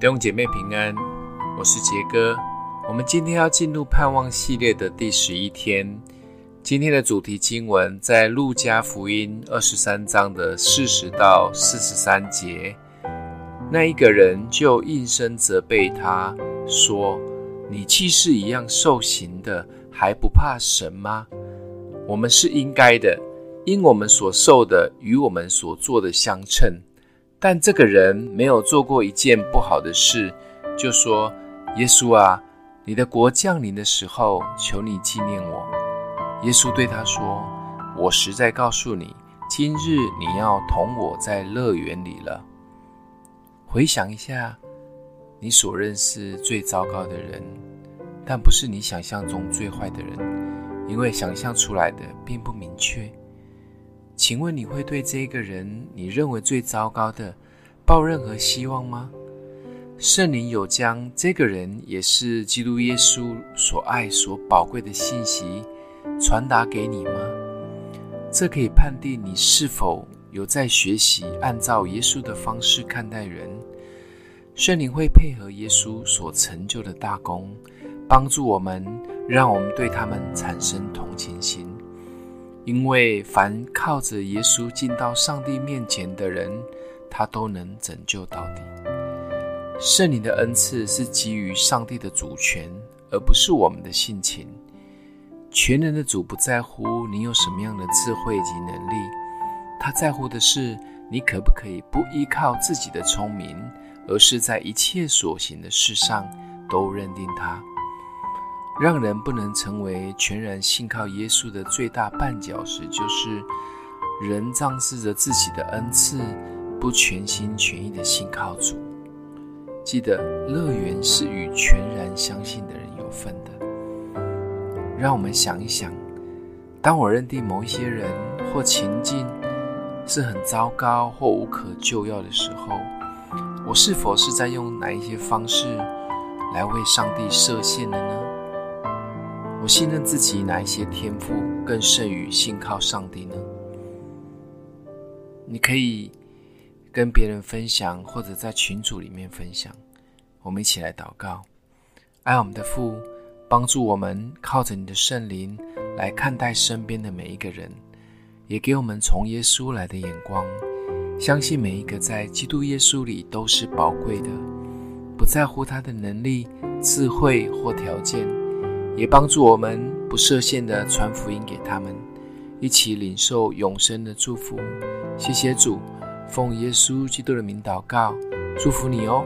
弟兄姐妹平安，我是傑哥。我們今天要進入盼望系列的第十一天。今天的主題經文在路加福音二十三章的四十到四十三節。那一個人就應聲責備他說：“你既是一樣受刑的，還不怕神嗎？我們是應該的，因我們所受的與我們所做的相稱。”但這個人沒有做過一件不好的事，就說：“耶穌啊，你的國降臨的時候，求你紀念我。”耶穌對他說：“我實在告訴你，今日你要同我在樂園裡了。”回想一下，你所認識最糟糕的人，但不是你想象中最壞的人，因為想象出來的並不明確。請問你會對這個人你認為最糟糕的抱任何希望嗎？聖靈有將這個人也是基督耶穌所愛所寶貴的信息傳達給你嗎？這可以判定你是否有在學習按照耶穌的方式看待人。聖靈會配合耶穌所成就的大功，幫助我們，讓我們對他們產生同情心。因為凡靠着耶穌進到上帝面前的人，他都能拯救到底。聖靈的恩賜是基於上帝的主權，而不是我們的性情。全能的主不在乎你有什麼樣的智慧以及能力，他在乎的是你可不可以不依靠自己的聰明，而是在一切所行的事上都認定他。讓人不能成為全然信靠耶穌的最大絆腳石，就是人仗恃着自己的恩賜，不全心全意的信靠主。記得樂園是與全然相信的人有分的。讓我們想一想：當我認定某一些人或情境是很糟糕或無可救藥的時候，我是否是在用哪一些方式來為上帝設限的呢？我信任自己哪一些天賦更勝於信靠上帝呢？你可以跟別人分享，或者在群組裡面分享。我們一起來禱告，愛我們的父，幫助我們靠着你的聖靈來看待身邊的每一個人，也給我們從耶穌來的眼光，相信每一個在基督耶穌裡都是寶貴的，不在乎他的能力、智慧或條件。也幫助我們不設限地傳福音給他們，一起領受永生的祝福。謝謝主，奉耶穌基督的名禱告，祝福你哦。